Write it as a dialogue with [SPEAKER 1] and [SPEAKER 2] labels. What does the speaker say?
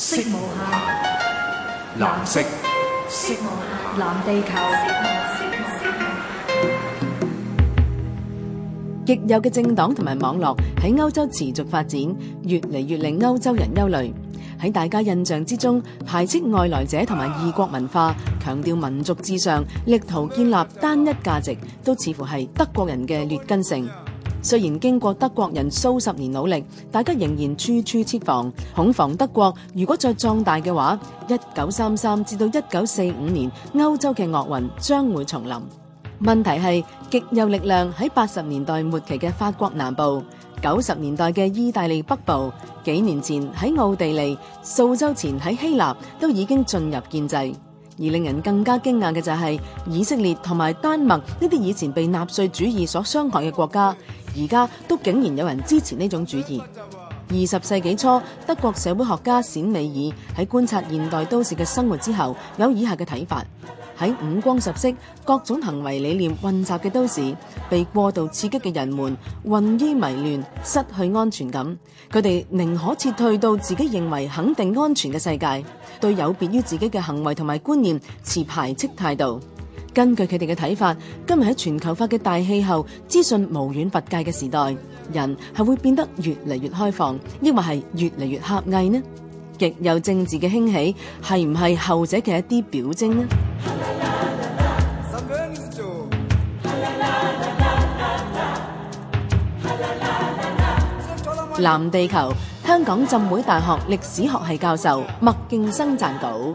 [SPEAKER 1] 色無限，藍色。色無限，藍地球。極右嘅政黨同埋網絡喺歐洲持續發展，越嚟越令歐洲人憂慮。喺大家印象之中，排斥外來者同埋異國文化，強調民族至上，力圖建立單一價值，都似乎係德國人嘅劣根性。雖然經過德國人數十年努力，大家仍然處處設防，恐防德國如果再壯大嘅話，一九三三至到一九四五年歐洲嘅惡運將會重臨。問題係極右力量喺八十年代末期嘅法國南部、九十年代嘅意大利北部、幾年前喺奧地利、數周前喺希臘都已經進入建制。而令人更加驚訝嘅就係以色列同埋丹麥呢啲以前被納粹主義所傷害嘅國家。而家都竟然有人支持呢種主義。二十世紀初，德國社會學家冼美爾喺觀察現代都市嘅生活之後，有以下嘅睇法：喺五光十色、各種行為理念混雜嘅都市，被過度刺激嘅人們混於迷亂，失去安全感。佢哋寧可撤退到自己認為肯定安全嘅世界，對有別於自己嘅行為同埋觀念持排斥態度。根據佢哋嘅睇法，今日喺全球化嘅大氣候、資訊無遠弗屆嘅時代，人係會變得越嚟越開放，抑或係越嚟越狹隘呢？極右政治嘅興起係唔係後者嘅一啲表徵呢？藍地球，香港浸會大學歷史學系教授麥勁生撰稿。